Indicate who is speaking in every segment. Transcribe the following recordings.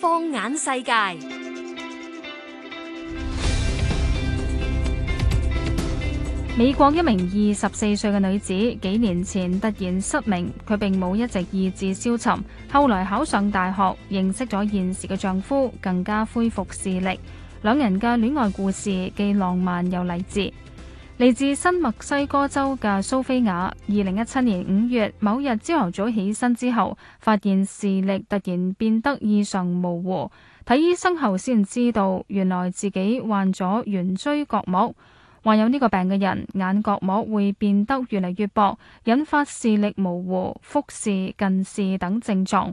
Speaker 1: 放眼世界，美國一名二十四歲嘅女子，幾年前突然失明，佢並冇一直意志消沉，後來考上大學，認識咗現時嘅丈夫，更加恢復視力，兩人嘅戀愛故事既浪漫又勵志。嚟自新墨西哥州嘅蘇菲亞，二零一七年五月某日朝頭早起身之後，發現視力突然變得異常模糊。睇醫生後先知道，原來自己患咗圓錐角膜。患有呢個病嘅人，眼角膜會變得越嚟越薄，引發視力模糊、複視、近視等症狀。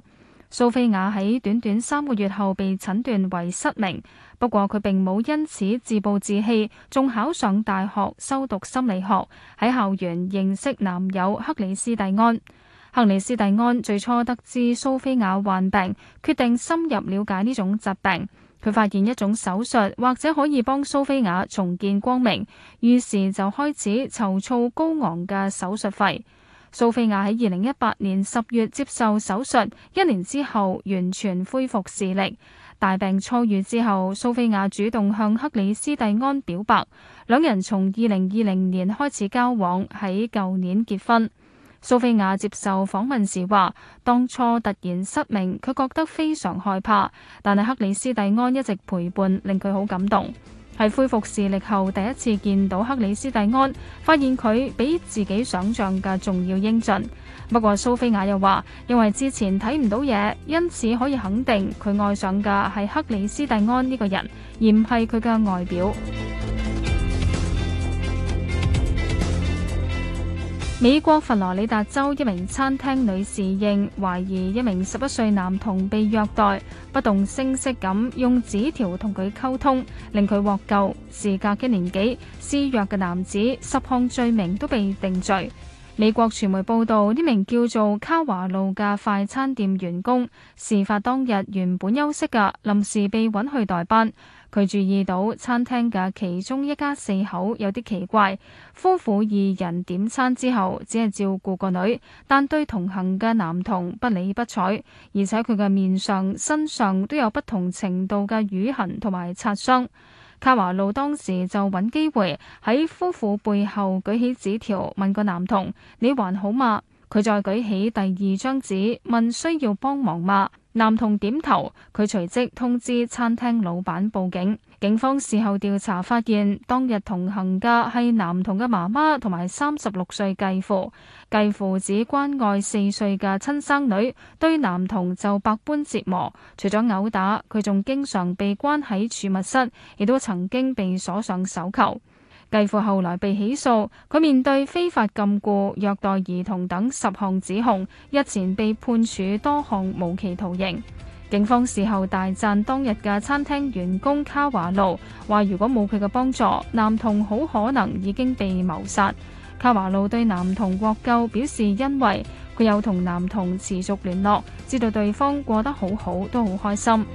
Speaker 1: 蘇菲亞喺短短三個月後被診斷為失明。不過佢並冇因此自暴自棄，仲考上大學修讀心理學，喺校園認識男友克里斯蒂安。克里斯蒂安最初得知蘇菲亞患病，決定深入了解呢種疾病。佢發現一種手術或者可以幫蘇菲亞重見光明，於是就開始籌措高昂嘅手術費。蘇菲亞喺二零一八年十月接受手術，一年之後完全恢復視力。大病初愈之後，蘇菲亞主動向克里斯蒂安表白，兩人從二零二零年開始交往，喺舊年結婚。蘇菲亞接受訪問時話，當初突然失明，佢覺得非常害怕，但係克里斯蒂安一直陪伴，令佢好感動。係恢復視力後第一次見到克里斯蒂安，發現佢比自己想象嘅仲要英俊。不過蘇菲亞又話，因為之前睇唔到嘢，因此可以肯定佢愛上嘅係克里斯蒂安呢個人，而唔係佢嘅外表。美國佛羅里達州一名餐廳女侍應懷疑一名十一歲男童被虐待，不動聲色咁用紙條同佢溝通，令佢獲救。時隔一年幾，施虐嘅男子十項罪名都被定罪。美國傳媒報道，呢名叫做卡華路嘅快餐店員工，事發當日原本休息嘅，臨時被揾去代班。佢注意到餐廳嘅其中一家四口有啲奇怪，夫婦二人點餐之後只係照顧個女，但對同行嘅男童不理不睬，而且佢嘅面上、身上都有不同程度嘅瘀痕同埋擦傷。卡華路當時就搵機會喺夫婦背後舉起紙條問個男童：你還好嗎？佢再舉起第二張紙問：需要幫忙嗎？男童點頭，佢隨即通知餐廳老闆報警。警方事後調查發現，當日同行嘅係男童嘅媽媽同埋三十六歲繼父。繼父只關愛四歲嘅親生女，對男童就百般折磨。除咗毆打，佢仲經常被關喺儲物室，亦都曾經被鎖上手銬。繼父後來被起訴，佢面對非法禁錮、虐待兒童等十項指控，日前被判處多項無期徒刑。警方事後大讚當日嘅餐廳員工卡華路，話如果冇佢嘅幫助，男童好可能已經被謀殺。卡華路對男童獲救表示欣慰，佢有同男童持續聯絡，知道對方過得好好，都好開心。